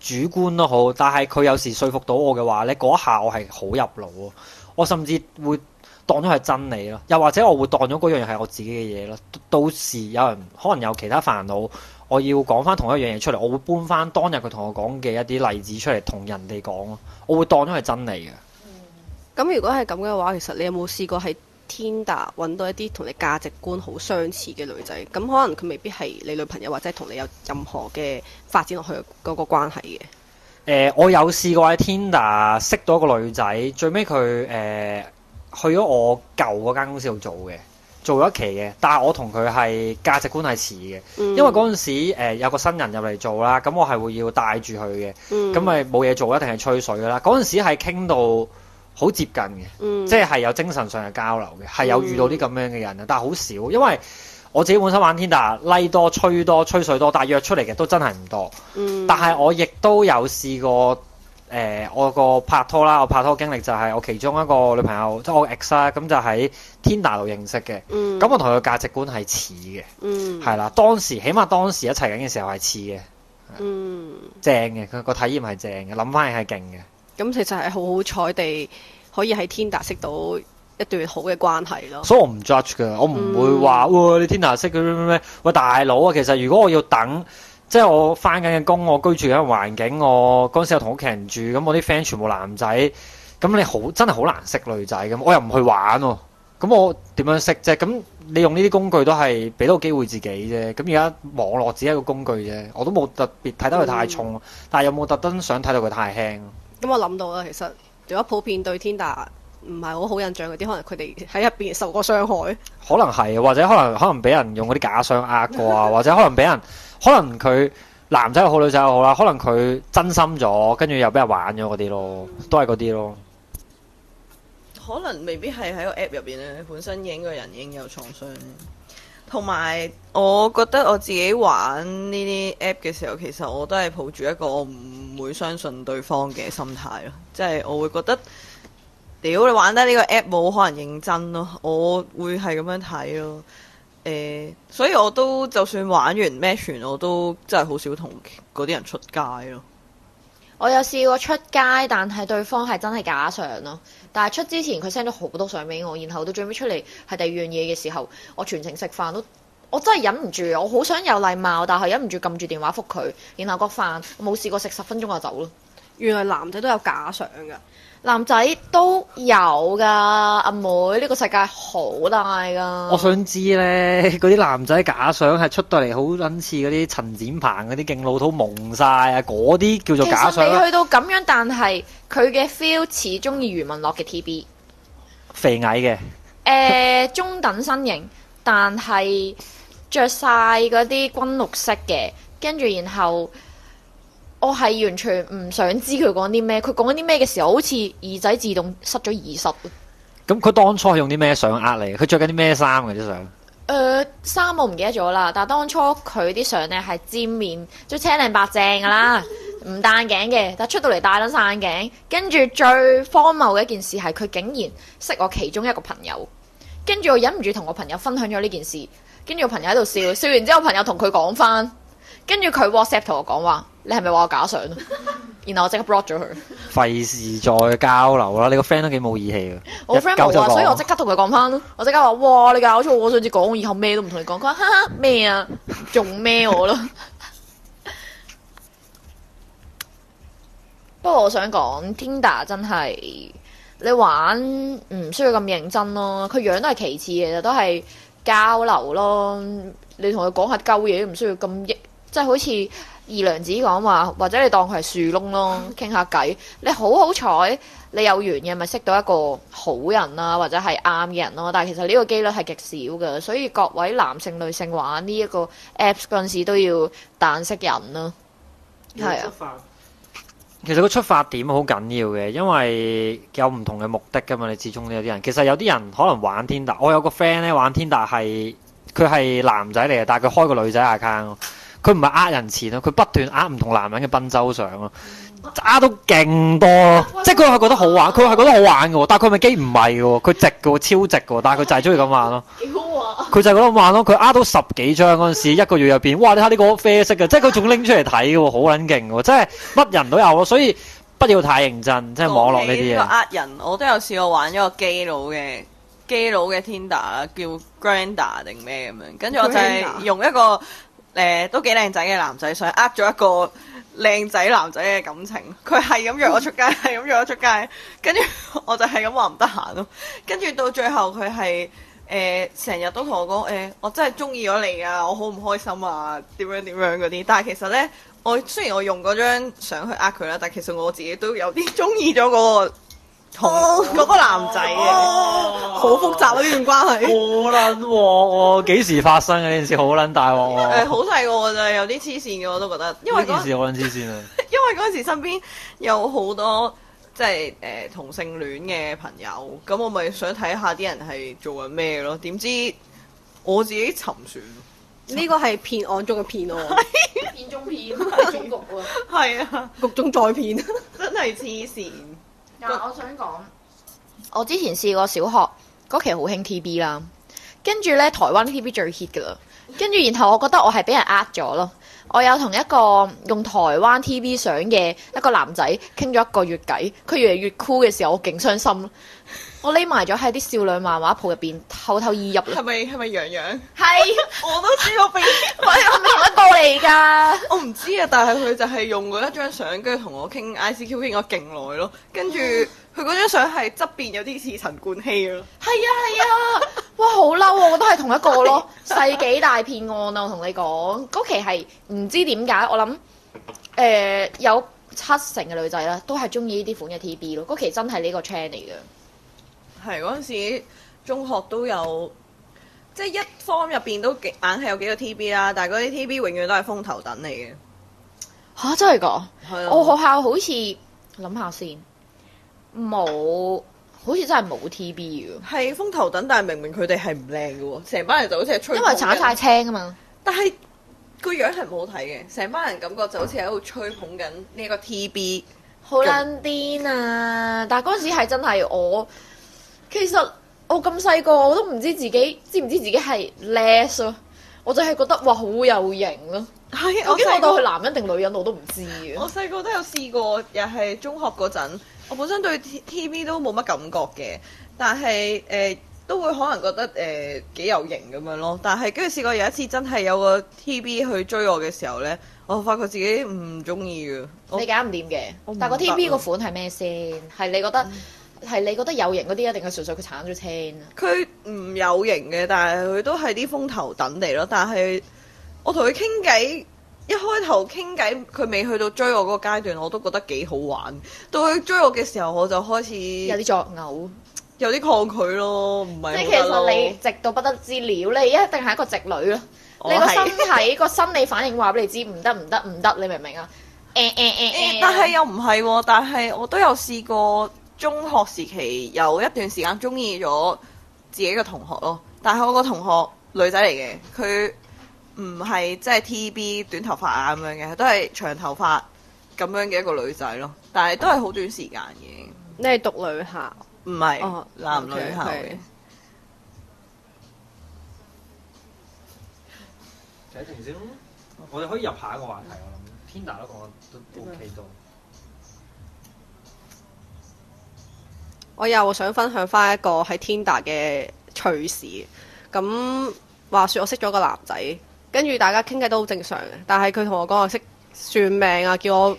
主觀都好。但係佢有時說服到我嘅話，咧嗰一下我係好入腦，我甚至會。當咗係真理咯，又或者我會當咗嗰樣嘢係我自己嘅嘢咯。到時有人可能有其他煩惱，我要講翻同一樣嘢出嚟，我會搬翻當日佢同我講嘅一啲例子出嚟同人哋講咯。我會當咗係真理嘅。咁、嗯、如果係咁嘅話，其實你有冇試過喺 Tinder 搵到一啲同你價值觀好相似嘅女仔？咁可能佢未必係你女朋友，或者同你有任何嘅發展落去嗰個關係嘅。誒、呃，我有試過喺 Tinder 識到一個女仔，最尾佢誒。呃去咗我舊嗰間公司度做嘅，做咗一期嘅，但係我同佢係價值觀係似嘅，嗯、因為嗰陣時、呃、有個新人入嚟做，嗯、做啦，咁我係會要帶住佢嘅，咁咪冇嘢做一定係吹水㗎啦。嗰陣時係傾到好接近嘅，嗯、即係係有精神上嘅交流嘅，係有遇到啲咁樣嘅人，嗯、但係好少，因為我自己本身玩 Tinder 啦多吹多吹水多，但係約出嚟嘅都真係唔多。嗯、但係我亦都有試過。誒、呃，我個拍拖啦，我拍拖經歷就係我其中一個女朋友，即係我 ex 啦，咁就喺 Tinder 度認識嘅。嗯。咁我同佢價值觀係似嘅。嗯。係啦，當時起碼當時一齊緊嘅時候係似嘅。嗯，正。正嘅，佢個體驗係正嘅，諗翻嚟係勁嘅。咁其實係好好彩地可以喺 Tinder 識到一段好嘅關係咯。所以我唔 judge 㗎，我唔會話喎，你 Tinder 識佢啲咩咩，喂，喂大佬啊，其實如果我要等。即係我返緊嘅工，我居住緊嘅環境，我嗰陣時有同屋企人住，咁我啲 friend 全部男仔，咁你好真係好難識女仔咁，我又唔去玩喎、哦，咁我點樣識啫？咁你用呢啲工具都係俾到機會自己啫。咁而家網絡只係一個工具啫，我都冇特別睇得佢太重，嗯、但係有冇特登想睇到佢太輕、啊？咁、嗯、我諗到啦，其實如果普遍對 Tinder 唔係好好印象嗰啲，可能佢哋喺入邊受過傷害，雷 可能係或者可能可能俾人用嗰啲假相呃過啊， 或者可能俾人。可能佢男仔又好，女仔又好啦。可能佢真心咗，跟住又俾人玩咗嗰啲咯，嗯、都係嗰啲咯。可能未必係喺個 app 入邊咧，本身影個人影有創傷。同埋，我覺得我自己玩呢啲 app 嘅時候，其實我都係抱住一個我唔會相信對方嘅心態咯。即係我會覺得，屌你玩得呢個 app 冇可能認真咯，我會係咁樣睇咯。誒、欸，所以我都就算玩完 match 完我都真係好少同嗰啲人出街咯。我有試過出街，但係對方係真係假相咯，啊。但係出之前佢 send 咗好多相俾我，然後到最尾出嚟係第二樣嘢嘅時候，我全程食飯都，我真係忍唔住，我好想有禮貌，但係忍唔住撳住電話覆佢。然後個飯我冇試過食十分鐘就走咯。原來男仔都有假相噶。男仔都有噶，阿妹，呢個世界好大噶。我想知呢，嗰啲男仔假相係出到嚟好真，似嗰啲陳展鵬嗰啲勁老土懵晒啊，嗰啲叫做假相。其實你去到咁樣，但係佢嘅 feel 始中意余文樂嘅 TB。肥矮嘅。誒，中等身形，但係着晒嗰啲軍綠色嘅，跟住然後。我係完全唔想知佢講啲咩。佢講緊啲咩嘅時候，好似耳仔自動塞咗耳塞。咁佢當初係用啲咩相呃你？佢着緊啲咩衫嘅啲相？誒衫、呃、我唔記得咗啦。但係當初佢啲相咧係尖面，即青靚白淨噶啦，唔戴眼鏡嘅。但係出到嚟戴咗晒眼鏡。跟住最荒謬嘅一件事係佢竟然識我其中一個朋友。跟住我忍唔住同我朋友分享咗呢件事。跟住我朋友喺度笑笑完之後，朋友同佢講翻，跟住佢 WhatsApp 同我講話。你係咪話我假相？然後我即刻 block 咗佢，費事再交流啦。你個 friend 都幾冇義氣啊！我 friend 冇話，所以我即刻同佢講翻咯。我即刻話：哇你搞錯，我上次講以後咩都唔同你講。佢話：哈哈咩啊，仲咩我咯？ 不過我想講 Tinder 真係你玩唔需要咁認真咯、啊。佢樣都係其次，其實都係交流咯、啊。你同佢講下溝嘢都唔需要咁，益，即係好似。二娘子講話，或者你當佢係樹窿咯，傾下偈。你好好彩，你有緣嘅咪識到一個好人啦，或者係啱嘅人咯。但係其實呢個機率係極少嘅，所以各位男性女性玩呢一個 Apps 嗰陣時都要膽識人咯。係啊。其實個出發點好緊要嘅，因為有唔同嘅目的噶嘛。你始終都有啲人，其實有啲人可能玩 Tinder。我有個 friend 咧玩 Tinder 係，佢係男仔嚟嘅，但係佢開個女仔 account。佢唔係呃人錢咯、啊，佢不斷呃唔同男人嘅賓州相咯、啊，呃到勁多咯、啊，喂即係佢係覺得好玩，佢係喂覺得好玩嘅喎、啊啊，但係佢咪機唔係嘅喎，佢值嘅超值嘅喎，但係佢就係中意咁玩咯。幾好玩！佢就係覺得玩咯、啊，佢呃到十幾張嗰陣時 一個月入邊，哇！你睇呢個啡色嘅，即係佢仲拎出嚟睇嘅喎，好撚勁嘅喎、啊，即係乜人都有咯、啊，所以不要太認真，即係 網絡呢啲嘢。呃人，我都有試過玩一個基佬嘅基佬嘅 Tinder，叫 Grander 定咩咁樣，跟住我就係用一個。誒、呃、都幾靚仔嘅男仔，想呃咗一個靚仔男仔嘅感情。佢係咁約我出街，係咁 約我出街，跟住我就係咁話唔得閒咯。跟住到最後，佢係誒成日都同我講誒、欸，我真係中意咗你啊！我好唔開心啊，點樣點樣嗰啲。但係其實呢，我雖然我用嗰張相去呃佢啦，但係其實我自己都有啲中意咗嗰個。同嗰個男仔嘅、喔，好複雜啊呢段關係。好撚喎，我幾時發生嘅呢件事、哦呃？好撚大鑊喎。好細個就有啲黐線嘅，我都覺得因為、那個。因呢件事好撚黐線啊！ 因為嗰陣時身邊有好多即係誒同性戀嘅朋友，咁我咪想睇下啲人係做緊咩咯？點知我自己沉船？呢個係騙案中嘅騙咯，騙中騙，局喎。係啊， 啊局中再騙。真係黐線。嗯、我想講，我之前試過小學嗰期好興 TV 啦，跟住呢，台灣 TV 最 hit 噶啦，跟住然後我覺得我係俾人呃咗咯，我有同一個用台灣 TV 相嘅一個男仔傾咗一個月偈，佢越嚟越 cool 嘅時候，我勁傷心。 我匿埋咗喺啲少女漫畫鋪入邊，偷偷輸入。係咪係咪洋洋？係，我都知我俾，我係咪同一個嚟噶？我唔知啊，但係佢就係用嗰一張相，跟住同我傾 I C Q 傾咗勁耐咯。跟住佢嗰張相係側邊有啲似陳冠希咯。係啊係啊，哇好嬲啊！我都係同一個咯，世紀大騙案啊！我同你講，嗰期係唔知點解，我諗誒、呃、有七成嘅女仔啦，都係中意呢啲款嘅 T B 咯。嗰期真係呢個 trend 嚟噶。係嗰陣時，中學都有即係一 form 入邊都幾硬係有幾個 T B 啦，但係嗰啲 T B 永遠都係風頭躉嚟嘅。嚇、啊、真係㗎？的我學校好似諗下先冇，好似真係冇 T B 嘅。係風頭躉，但係明明佢哋係唔靚嘅喎，成班人就好似係吹捧。因為踩晒青啊嘛，但係個樣係唔好睇嘅，成班人感覺就好似喺度吹捧緊呢個 T B，好撚、嗯、做癲啊！但係嗰陣時係真係我。其實我咁細個，我都唔知自己知唔知自己係 less 咯，我就係覺得哇好有型咯、啊。係、哎、呀我細個男人定女人，人我都唔知我細個都有試過，又係中學嗰陣，我本身對 TB 都冇乜感覺嘅，但係誒、呃、都會可能覺得誒幾、呃、有型咁樣咯。但係跟住試過有一次真係有個 TB 去追我嘅時候呢，我發覺自己唔中意嘅。你揀唔掂嘅，不但個 TB 個款係咩先？係你覺得、嗯？係你覺得有型嗰啲定係純粹佢鏟咗青，啊？佢唔有型嘅，但係佢都係啲風頭等嚟咯。但係我同佢傾偈，一開頭傾偈，佢未去到追我嗰個階段，我都覺得幾好玩。到佢追我嘅時候，我就開始有啲作嘔，有啲抗拒咯，唔係即係其實你直到不得之了，你一定係一個直女啦。我是 你個身體 個心理反應話俾你知，唔得唔得唔得，你明唔明啊？誒誒誒但係又唔係喎，但係我都有試過。中學時期有一段時間中意咗自己嘅同學咯，但係我個同學女仔嚟嘅，佢唔係即係 TB 短頭髮咁樣嘅，都係長頭髮咁樣嘅一個女仔咯。但係都係好短時間嘅。你係讀女校？唔係是哦，男女校嘅。睇停先，我哋可以入下一個話題。我諗 Tinder 都講得都 OK 到。我又想分享翻一個喺 Tinder 嘅趣事。咁話説我識咗個男仔，跟住大家傾偈都好正常嘅。但係佢同我講我識算命啊，叫我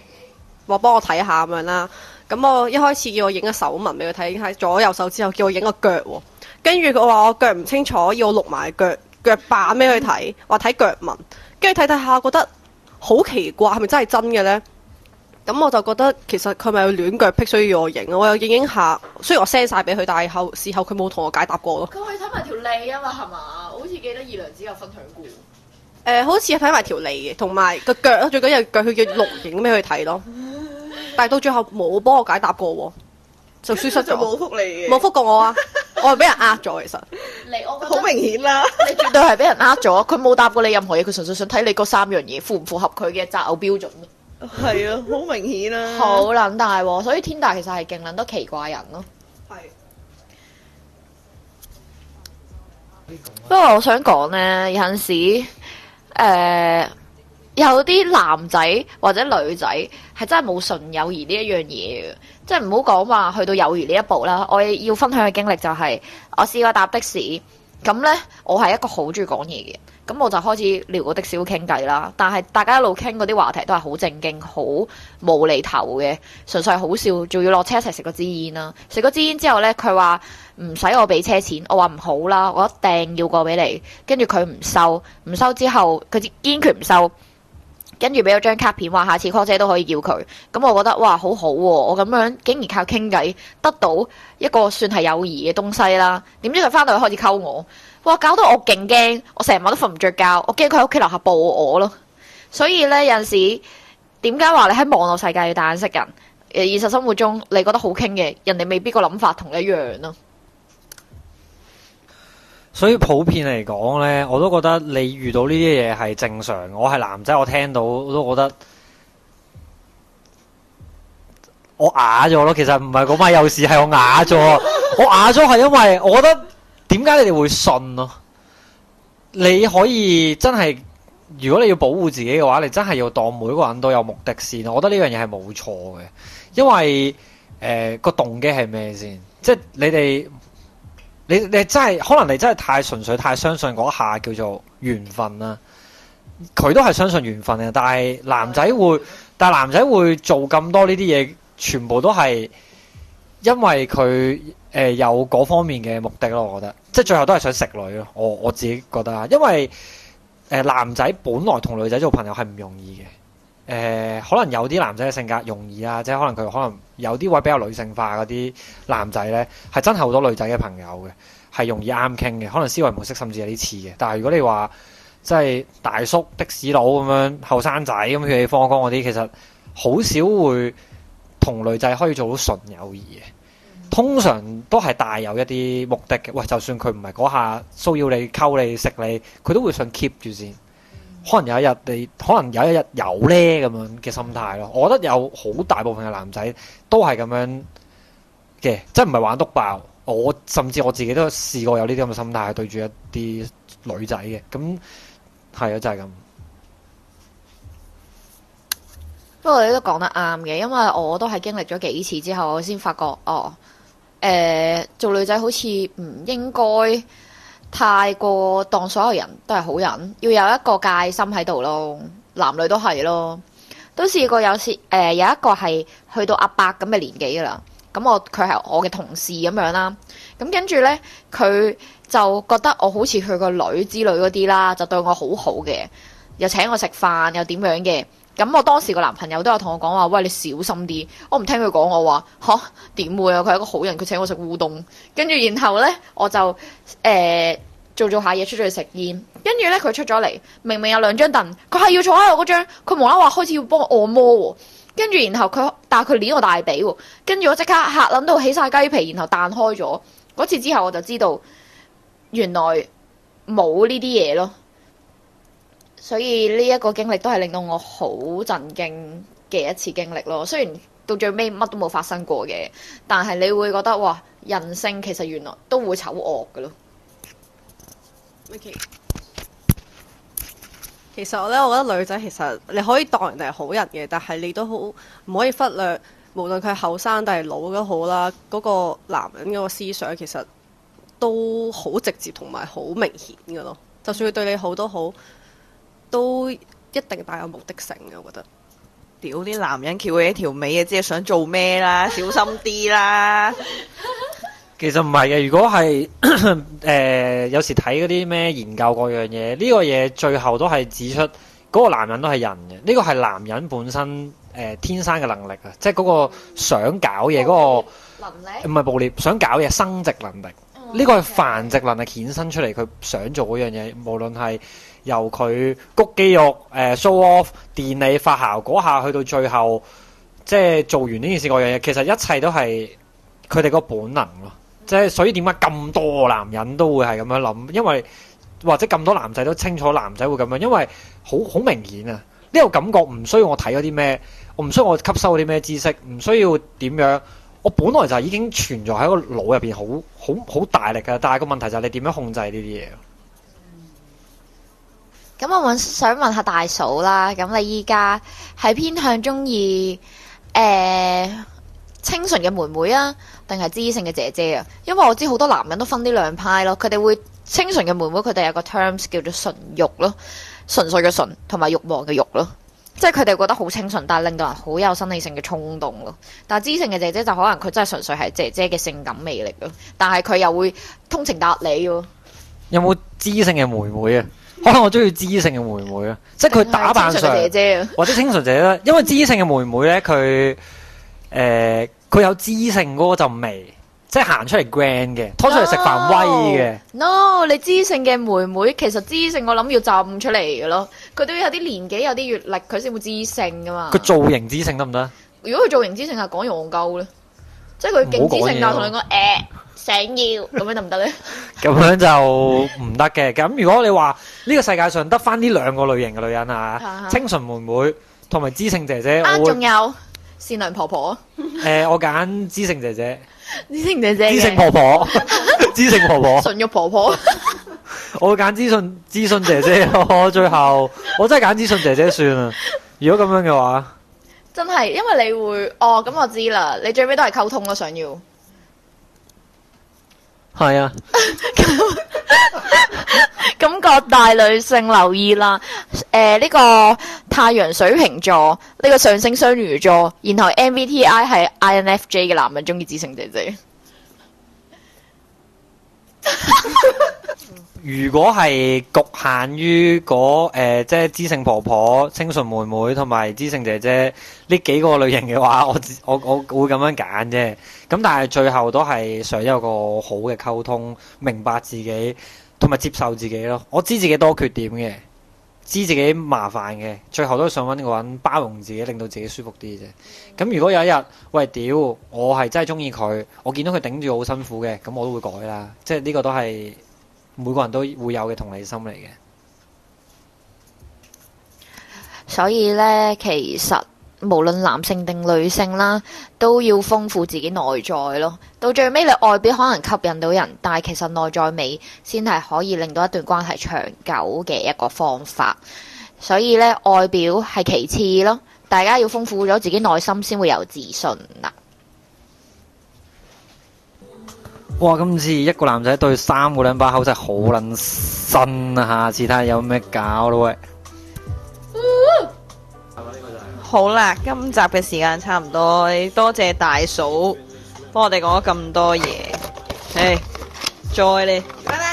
話幫我睇下咁樣啦。咁我一開始叫我影個手紋俾佢睇，喺左右手之後叫我影個腳喎、啊。跟住佢話我腳唔清楚，要我錄埋腳腳板俾佢睇，話睇腳紋。跟住睇睇下，覺得好奇怪，係咪真係真嘅呢？咁、嗯、我就覺得其實佢咪要戀腳癖，需要我影，我又影影下。雖然我 send 晒俾佢，但係後事後佢冇同我解答過咯。佢可以睇埋條脷啊嘛，係嘛？我好似記得二娘子有分享過。誒、呃，好似睇埋條脷嘅，同埋個腳最緊要腳，佢叫錄影俾佢睇咯。但係到最後冇幫我解答過喎，就消失咗。冇覆你冇覆過我啊！ 我係俾人呃咗，其實。你我好明顯啦， 你絕對係俾人呃咗。佢冇答過你任何嘢，佢純粹想睇你嗰三樣嘢符唔符合佢嘅擇偶標準。係 啊，好明顯啊！好撚大喎，所以 Tinder 其實係勁撚多奇怪人咯、啊。係。 不過我想講呢，有陣時，誒、呃，有啲男仔或者女仔係真係冇純友誼呢一樣嘢，即係唔好講話去到友誼呢一步啦。我要分享嘅經歷就係、是，我試過搭的士，咁呢，我係一個好中意講嘢嘅人。咁我就開始聊個的小夫傾偈啦，但係大家一路傾嗰啲話題都係好正經、好無厘頭嘅，純粹好笑，仲要落車一齊食個支煙啦。食個支煙之後呢，佢話唔使我俾車錢，我話唔好啦，我一定要一個俾你。跟住佢唔收，唔收之後佢堅決唔收，跟住俾咗張卡片話下次 call 姐都可以要佢。咁我覺得哇，好好喎、啊！我咁樣竟然靠傾偈得到一個算係友誼嘅東西啦。點知佢返到去開始溝我。哇！搞到我勁驚，我成晚都瞓唔着覺，我驚佢喺屋企樓下暴我咯。所以呢，有陣時點解話你喺網絡世界要帶眼識人？誒，現實生活中你覺得好傾嘅，人哋未必個諗法同你一樣咯、啊。所以普遍嚟講呢，我都覺得你遇到呢啲嘢係正常。我係男仔，我聽到我都覺得我啞咗咯。其實唔係嗰晚有事，係 我啞咗。我啞咗係因為我覺得。點解你哋會信咯？你可以真係，如果你要保護自己嘅話，你真係要當每個人都有目的先。我覺得呢樣嘢係冇錯嘅，因為誒個、呃、動機係咩先？即係你哋，你你真係可能你真係太純粹太相信嗰一下叫做緣分啦。佢都係相信緣分嘅，但係男仔會，但係男仔會做咁多呢啲嘢，全部都係因為佢誒、呃、有嗰方面嘅目的咯。我覺得。即係最後都係想食女咯，我我自己覺得，因為誒、呃、男仔本來同女仔做朋友係唔容易嘅，誒、呃、可能有啲男仔嘅性格容易啊，即係可能佢可能有啲位比較女性化嗰啲男仔咧，係真係好多女仔嘅朋友嘅，係容易啱傾嘅，可能思維模式甚至有啲似嘅。但係如果你話即係大叔的士佬咁樣後生仔咁血氣方剛嗰啲，其實好少會同女仔可以做到純友誼嘅。通常都係帶有一啲目的嘅，喂，就算佢唔係嗰下騷擾你、溝你、食你，佢都會想 keep 住先。可能有一日你，可能有一日有呢咁樣嘅心態咯。我覺得有好大部分嘅男仔都係咁樣嘅，即係唔係玩篤爆。我甚至我自己都試過有呢啲咁嘅心態對住一啲女仔嘅，咁係啊，就係咁。不過你都講得啱嘅，因為我都係經歷咗幾次之後，我先發覺哦。誒、呃、做女仔好似唔應該太過當所有人都係好人，要有一個戒心喺度咯，男女都係咯。都試過有次誒、呃、有一個係去到阿伯咁嘅年紀㗎啦，咁我佢係我嘅同事咁樣啦、啊，咁跟住呢，佢就覺得我好似佢個女之類嗰啲啦，就對我好好嘅，又請我食飯又點樣嘅。咁我當時個男朋友都有同我講話，喂，你小心啲，我唔聽佢講，我話嚇點會啊？佢係一個好人，佢請我食烏冬，跟住然後呢，我就誒、呃、做一做下嘢出咗去食煙，跟住呢，佢出咗嚟，明明有兩張凳，佢係要坐喺我嗰張，佢無啦啦話開始要幫我按摩喎、哦，跟住然後佢但係佢捏我大髀喎、哦，跟住我即刻嚇諗到起晒雞皮，然後彈開咗。嗰次之後我就知道原來冇呢啲嘢咯。所以呢一個經歷都係令到我好震驚嘅一次經歷咯。雖然到最尾乜都冇發生過嘅，但係你會覺得哇，人性其實原來都會醜惡嘅咯。Miki，okay. 其實我咧，我覺得女仔其實你可以當人哋係好人嘅，但係你都好唔可以忽略，無論佢係後生定係老都好啦。嗰個男人嗰個思想其實都好直接同埋好明顯嘅咯。就算佢對你好都好。都一定帶有目的性嘅，我覺得。屌啲男人翹起條尾啊，即係想做咩啦？小心啲啦！ 其實唔係嘅，如果係誒、 呃，有時睇嗰啲咩研究各樣嘢，呢、這個嘢最後都係指出嗰、那個男人都係人嘅。呢、這個係男人本身誒、呃、天生嘅能力啊，即係嗰個想搞嘢嗰、嗯那個，唔係力暴力，想搞嘢生殖能力。呢、這個係繁殖能力衍生出嚟，佢想做嗰樣嘢，無論係。由佢谷肌肉，誒、呃、show off，電力發酵嗰下，去到最後即係做完呢件事個樣嘢，其實一切都係佢哋個本能咯。即係所以點解咁多男人都會係咁樣諗，因為或者咁多男仔都清楚男仔會咁樣，因為好好明顯啊！呢、這個感覺唔需要我睇咗啲咩，我唔需要我吸收啲咩知識，唔需要點樣，我本來就已經存在喺個腦入邊好好好大力嘅。但係個問題就係你點樣控制呢啲嘢？咁我問想問下大嫂啦，咁你依家係偏向中意誒清純嘅妹妹啊，定係知性嘅姐姐啊？因為我知好多男人都分呢兩派咯，佢哋會清純嘅妹妹，佢哋有個 terms 叫做純欲咯，純粹嘅純同埋欲望嘅欲咯，即係佢哋覺得好清純，但係令到人好有生理性嘅衝動咯。但係知性嘅姐姐就可能佢真係純粹係姐姐嘅性感魅力咯，但係佢又會通情達理喎。有冇知性嘅妹妹啊？可能我中意知性嘅妹妹啊，即係佢打扮上清純姐姐， 或者清純姐姐，因為知性嘅妹妹咧，佢誒佢有知性嗰陣味，即係行出嚟 grand 嘅，拖出嚟食飯威嘅。No! no，你知性嘅妹妹其實知性我諗要浸出嚟嘅咯，佢都要有啲年紀，有啲閱歷，佢先會知性噶嘛。佢造型知性得唔得？如果佢造型知性，係講憨鳩咧，即係佢勁知性到同你講誒。想要咁樣得唔得咧？咁樣就唔得嘅。咁如果你話呢個世界上得返呢兩個類型嘅女人啊，清純妹妹同埋知性姐姐，我仲有善良婆婆。誒，我揀知性姐姐，知性姐姐，知性婆婆，知性婆婆，純慾婆婆。我揀知性知性姐姐咯。我最後我真係揀知性姐姐算啦。如果咁樣嘅話，真係因為你會哦，咁我知啦。你最尾都係溝通咯，想要。.係啊，咁咁各大女性留意啦，誒、呃、呢、這個太陽水瓶座，呢、這個上升雙魚座，然後 MBTI 係 INFJ 嘅男人中意知性姐姐。 如果係局限於嗰、那個呃、即係知性婆婆、清純妹妹同埋知性姐姐呢幾個類型嘅話，我我我會咁樣揀啫。咁但係最後都係想有一個好嘅溝通，明白自己同埋接受自己咯。我知自己多缺點嘅，知自己麻煩嘅，最後都想揾個人包容自己，令到自己舒服啲啫。咁如果有一日喂，屌，我係真係中意佢，我見到佢頂住好辛苦嘅，咁我都會改啦。即係呢個都係。每個人都會有嘅同理心嚟嘅，所以呢，其實無論男性定女性啦，都要豐富自己內在咯。到最尾，你外表可能吸引到人，但係其實內在美先係可以令到一段關係長久嘅一個方法。所以呢，外表係其次咯，大家要豐富咗自己內心，先會有自信啊！哇！今次一個男仔對三個兩把口真係好撚新啊！下次睇下有咩搞咯喂！嗯、好啦，今集嘅時間差唔多，多謝大嫂幫我哋講咗咁多嘢。誒、嗯，hey, 再嚟。拜拜。